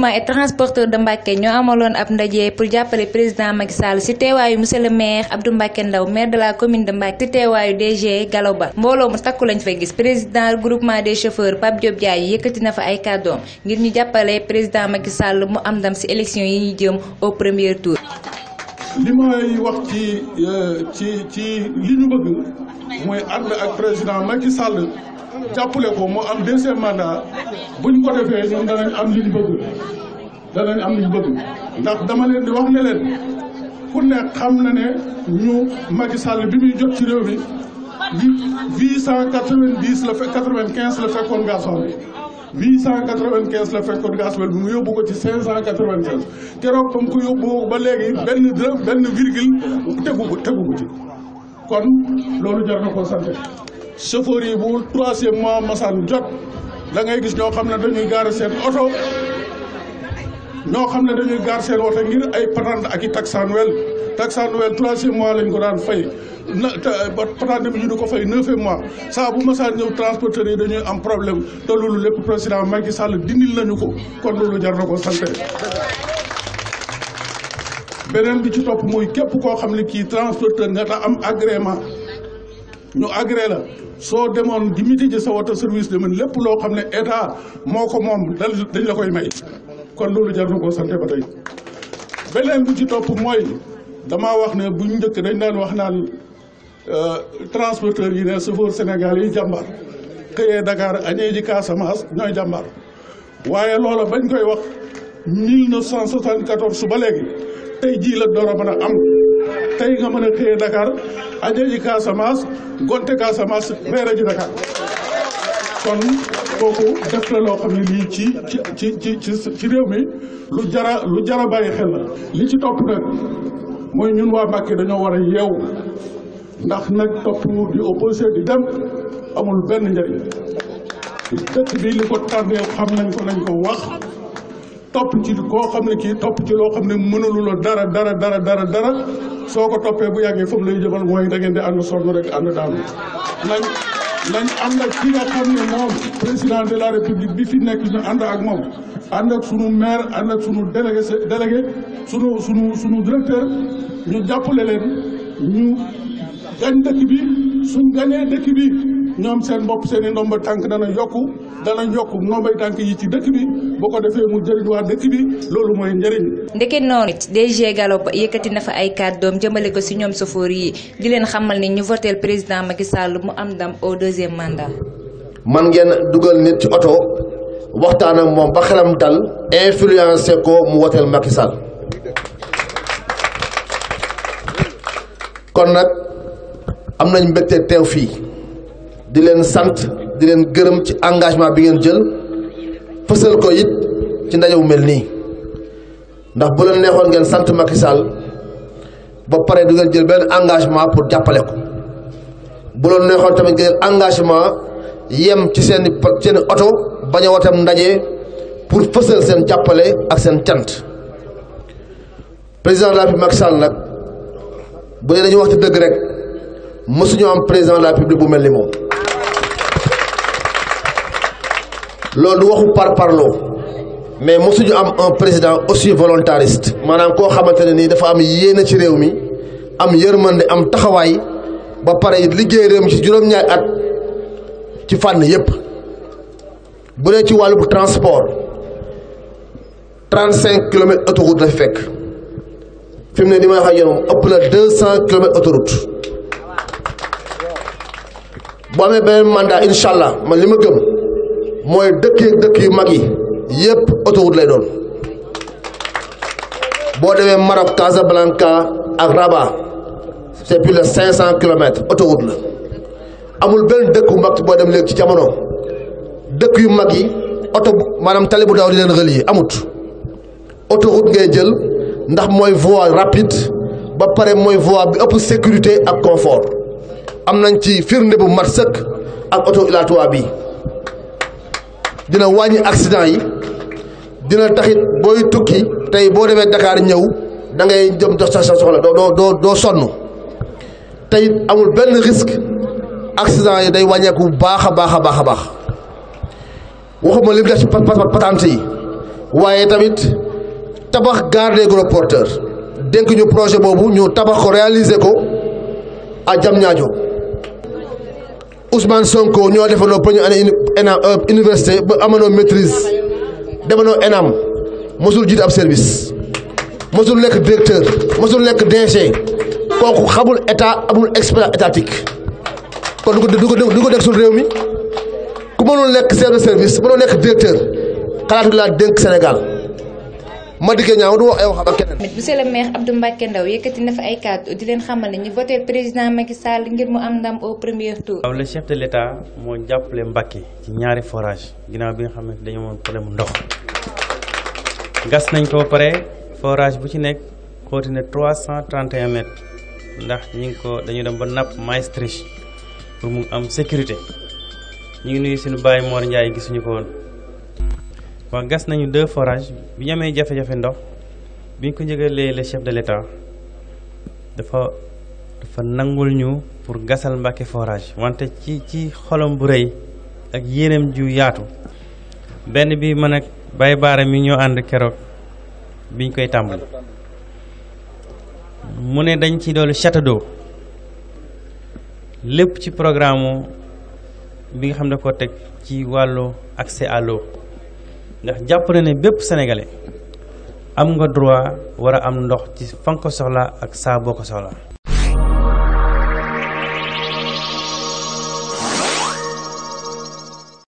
regroupement et transporteur de Mbacké ñoo amaloon ab ndaje pour jàppale président Macky Sall ci teewaayu monsieur le maire Abdou Mbacké Ndaw maire de la commune de Mbacké ci teewaayu DG Gallo Ba mbooloo mu takku lañ fa gis président regroupement des chauffeurs Pape Diop Diaye yëkkati na fa ay kàddoom ngir ñu jàppale président Macky Sall mu am ndam ci élection yi ñuy jëm au premier tour. li may wax ci euh, ci jàppale ko mu am deuxième mandat. ñu ko defee ñoom danañ am li ñu bëgg danañ am li ñu ndax dama leen di wax ne leen ku ne xam na ne ñu Macky Sall bi muy jot ci réew mi huit cent quatre-vingt-dix la fekk quatre-vingt-quinze la fekkoon gazon bi huit cent quatre-vingt-quinze la fekkoon gasoil bi mu yóbbu ko ci cinq cent quatre-vingt-quinze keroog ba mu ko yóbbu ba léegi benn dërëm benn virgule tegu ko tegu ko ci kon loolu jar na koo sant chauffeur yi bu troisième masaan jot da ngay gis ñoo xam ne dañuy gaare seen oto ñoo xam ne dañuy gaar seen oto ngir ay patente ak i taxan wel taxan wel troisième mois lañ ko daan fay na patente bi ñu di ko fay neuvième mois saa bu saa ñëw transporteurs yi dañuy am problème te loolu lépp président Macky Sall dindil nañu ko kon loolu jar ko sante beneen bi ci topp muy képp koo xam ne kii transporteur nga ta am agrément ñu agréé la soo demoon di miti ji sa wata service de mën lépp loo xam ne état moo ko moom dañ la koy may kon loolu jar na koo ba tey beneen bu ci topp mooy damaa wax ne bu ñu njëkk dañ daan wax naan euh, transporteur yi ne chauffeur Sénégal yi jàmbar xëyee Dakar añee ji Casamance ñooy jàmbar waaye loola bañ koy wax 1974 su ba léegi tey jii la door a mën a am tey nga mën a xëyee Dakar aje ji Casamance gonte Casamance reere ji Dakar kon kooku def la loo xam ne ci ci ci ci ci réew mi lu jara lu jara bàyyi xel la li ci topp nag mooy ñun waa Mbàkke dañoo war a yeewu ndax nag topp di opposé di dem amul benn njëriñ dëkk bi li ko tànnee xam nañ ko lañ ko wax topp ci koo xam ne kii topp ci loo xam ne mënalu la dara dara dara dara dara soo ko toppee bu yàggee foofu lay jëmal mooy da ngeen di ànd sonn rek ànd daanu nañ nañ ànd ak ki nga xam ne moom président de la république bi fi nekk ñu ànd ak moom ànd ak sunu maire ànd ak sunu délégué délégué sunu sunu sunu directeur ñu jàppale leen ñu gañ dëkk bi suñ gañee dëkk bi ñoom seen bopp seen i ndomba tànk dana yokku dana yokku ndombay tànk yi ci dëkk bi boo ko defee mu jëriñ waa dëkk bi loolu mooy njëriñ. ndeket noonu it DG Galop yëkkati na fa ay kàddoom jëmale ko si ñoom sofoor yi di leen xamal ni ñu votel président Macky Sall mu am ndam au deuxième mandat. man ngeen dugal nit ci oto waxtaan moom ba xelam dal influencé ko mu woteel Macky Sall kon nag am nañ mbégte teew fii. di leen sant di leen gërëm ci engagement bi ngeen jël fësal ko it ci ndaje bu mel nii ndax bu leen neexoon ngeen sant Macky Sall ba pare du ngeen jël benn engagement pour jàppale ko bu leen neexoon tamit ngeen engagement yem ci seen i seen oto bañ a ndaje pour fësal seen jàppale ak seen cant président de la République Macky Sall nag bu dee dañuy wax ci dëgg rek mësuñu am président de la République bu mel ni moom. loolu du waxu par parloo mais mosuñu am un président aussi volontariste maanaam koo xamante ne nii dafa am yéene ci réew mi am yërmande am taxawaay ba pare liggéey réew mi ci juróom-ñaari at ci fànn yépp bu dee ci wàllu transport trente cinq kilomètres autoroute la fi fekk fi mu ne di ma wax ak yéen ëpp na deux cent kilomètres autoroute bu amee beneen mandat incha allah man li ma gëm mooy dëkk dëkk yu mag yi yépp autoroute lay doon boo demee Maroc Casablanca ak Rabat c'est plus de cinq cent kilomètres autoroute la amul benn dëkk bu mag boo dem léegi ci jamono dëkk yu mag yi oto maanaam tali bu daw di leen relier amut autoroute ngay jël ndax mooy voie rapide ba pare mooy voie bi ëpp sécurité ak confort am nañ ci firnde bu mat sëkk ak auto ilaa bi dina wàññi accident yi dina taxit booy tukki tey boo demee Dakar ñëw da ngay jëm dox sa soxla doo doo doo doo sonn tey amul benn risque accident yi day wàññeeku bu baax a baax a baax a baax waxuma li mu def ci patente yi waaye tamit tabax garde des gros porteurs dénk ñu projet boobu ñu tabax ko réaliser ko à Diamniadio Ousmane Sonko ñoo defandoo première année euh, université ba amanoo maîtrise demanoo ENAM mosul jiite ab service mosul nekk directeur mosul nekk DG kooku xamul état amul expert étatique kon du ko du ko du ko dégg réew mi ku mënul nekk chef de service mënoo nekk directeur xalaatu laa dénk Sénégal. Madické Niang du wax ay waxam ak keneen. monsieur le maire ay kàddu di leen xamal ne ñu voté président Macky Sall ngir mu am ndam au premier tour. waaw le chef de l' moo jàppale Mbacké ci ñaari forage ginnaaw bi nga xam ne dañoo amoon problème ndox gas nañ ko ba pare forage bu ci nekk xóoti na 331 mètres ndax ñu ngi ko dañu dem ba napp Maastricht pour mu am sécurité ñu ngi nuyu suñu Baye Mor Ndiaye gisuñu ko waa gas nañu deux forages bi ñu amee jafe-jafe ndox bi ñu ko njëgalee la chef de l'état dafa dafa nangul ñu pour gasal Mbàkke forage wante ci ci xolom bu rëy ak yéenam ju yaatu benn bi man ak bay baara mi ñoo ànd keroog biñ koy tàmbali mu ne dañ ci doolu château d'eau lépp ci programme bi nga xam ne ko teg ci wàllu accès à l'eau ndax jàpp na ne bépp sénégalais am nga droit war a am ndox ci fa nga ak saa ko soxlaa